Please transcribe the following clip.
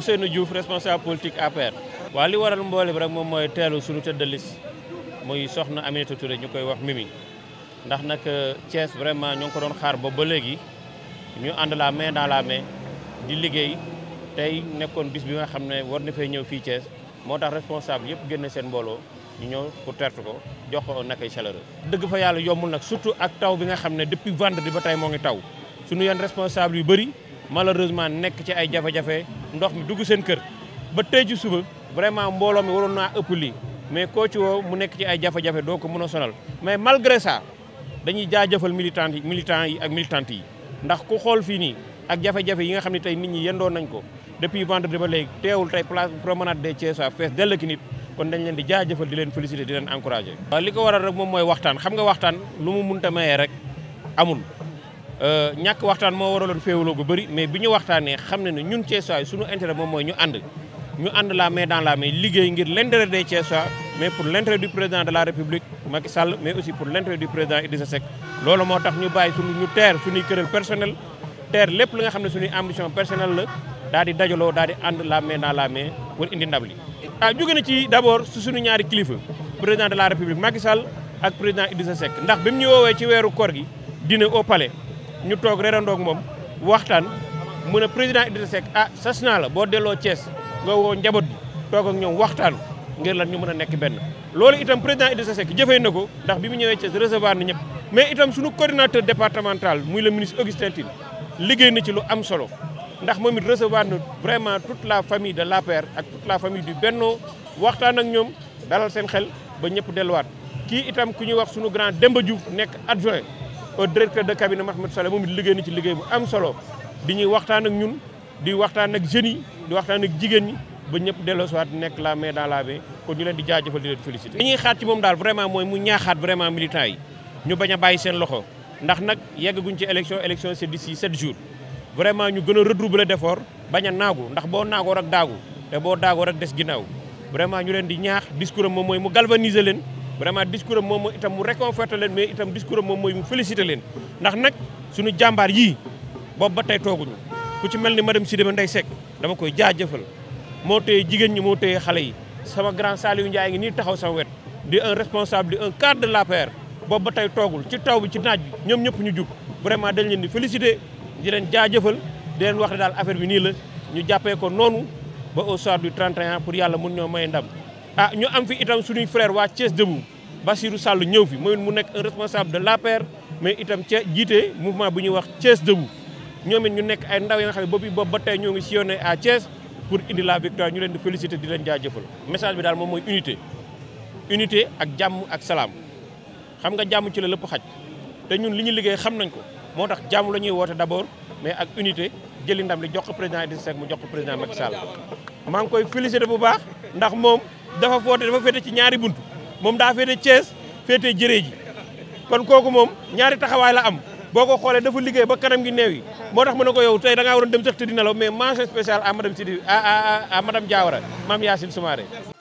Ousseynou Diouf responsable politique APR. waa li waral mboole bi rek moom mooy teelu suñu tëdd liste muy soxna Aminata Touré ñu koy wax Mimi ndax nag euh, Thiès vraiment ñoo ngi ko doon xaar ba ba léegi ñu ànd la main dans la main di liggéey tey nekkoon bis bi nga xam ne war na fay ñëw fii Thiès moo tax responsable yëpp génne seen mbooloo ñu ñëw pour tertu ko jox ko nakay chaleureux. dëgg fa yàlla yombul nag surtout ak taw bi nga xam ne depuis vendredi ba tey moo ngi taw suñu yenn yu bëri malheureusement nekk ci ay jafe ndox mi dugg seen kër ba tey ci suba vraiment mbooloo mi waroon naa ëpp lii mais koo ci woo mu nekk ci ay jafe-jafe doo ko mën a sonal mais malgré ça dañuy jaajëfal militant yi militant yi ak militantes yi ndax ku xool fii nii ak jafe-jafe yi nga xam ne tey nit ñi yendoon nañ ko depuis vendredi ba léegi teewul tey place promenade des Thiessois fees dell ki nit kon dañ leen di jaajëfal di leen féliciter di leen encourager. waaw li ko waral rek moom mooy waxtaan xam nga waxtaan lu mu munta mayee rek amul Euh, ñàkk waxtaan moo waraloon loo gu bëri mais bi ñu waxtaanee xam ne ne ñun Thiessois suñu intérêt moom mooy ñu ànd ñu ànd la main dans la main liggéey ngir l'intérêt des Thiessois mais pour l'intérêt du président de la République Macky mais aussi pour l'intérêt du président Idrissa Seck loolu moo tax ñu bàyyi suñu ñu teer suñuy këral personnel teer lépp li nga xam ne suñuy ambition personnelle la daal di dajaloo daa di ànd la mais dans la main pour indi ndab li ah jóge na ci d'abord su suñu ñaari kilifa président de la République Macky Sall ak président Idrissa ndax bi mu ñu woowee ci weeru koor gi dîner au palais ñu toog reerandoog moom waxtaan mu ne président Idrissa Seck ah sas naa la boo delloo Thiès nga woo njaboot bi toog ak ñoom waxtaan ngir lan ñu mën a nekk benn. loolu itam président Idrissa Seck jëfee na ko ndax bi mu ñëwee Thiès recevoir na ñëpp mais itam suñu coordinateur départemental muy le ministre Augustin liggéey na ci lu am solo ndax moom it recevoir na vraiment toute la famille de l'APR ak toute la famille du Benno waxtaan ak ñoom dalal seen xel ba ñëpp delluwaat kii itam ku ñuy wax suñu grand Demba Diouf nekk adjoint au directeur de cabinet Mahmoud Saleh moom it liggéey na ci liggéey bu am solo di ñuy waxtaan ak ñun di waxtaan ak jeunes yi di waxtaan ak jigéen ñi ba ñëpp delloosiwaat nekk la main dans la ñu leen di jaajëfal di leen féliciter. li ñuy xaat ci moom daal vraiment mooy mu ñaaxaat vraiment militants yi ñu bañ a seen loxo ndax nag yeggaguñ ci élection élection c'est d'ici sept jours vraiment ñu gën a redoubler d'effort bañ a naagu ndax boo naagoo rek daagu te boo daagoo rek des ginnaaw vraiment ñu leen di ñaax discours am moom mooy mu galvaniser leen. vraiment discours am moom itam mu réconforté leen mais itam discours am moom mooy mu félicité leen ndax nag suñu jàmbaar yii boobu ba tey tooguñu ku ci mel ni madame Sidibé Ndeye Seck dama koy jaajëfal moo téye jigéen ñi moo téye xale yi sama grand Saliou Ndiaye ngi nii taxaw sama wet di un responsable di un cadre de l'APR boobu ba tey toogul ci taw bi ci naaj bi ñoom ñëpp ñu jug vraiment dañ leen di félicité di leen jaajëfal di leen wax ne daal affaire bi nii la ñu jàppee ko noonu ba au soir pour yàlla mun ñoo may ndam ah ñu am fi itam suñuy frère waa Thiès Debout Bassirou Sall ñëw fi mooy mu nekk un responsable de l'APR mais itam ca jiite mouvement bu ñuy wax Thiès Debout ñoom it ñu nekk ay ndaw yi nga xam ne boobu boobu ba tey ñoo ngi sillonné à Thiès pour indi la victoire ñu leen di féliciter di leen jaajëfal message bi daal moom mooy unité unité ak jàmm ak salaam xam nga jàmm ci la lépp xaj te ñun li ñu liggéey xam nañ ko moo tax jàmm la ñuy woote d'abord mais ak unité jëli ndam li jox ko président Idrissa Seck mu jox ko président Macky Sall maa ngi koy féliciter bu baax ndax moom dafa foote dafa féete ci ñaari bunt moom daa féete Thiès féete jëree ji kon kooku moom ñaari taxawaay la am boo ko xoolee dafa liggéey ba kanam gi néew yi moo tax mu ne ko yow tey da ngaa waroon dem sax tëddi nelaw mais mention spéciale à madame Sidi à à à Diawara maam Yacine Soumaré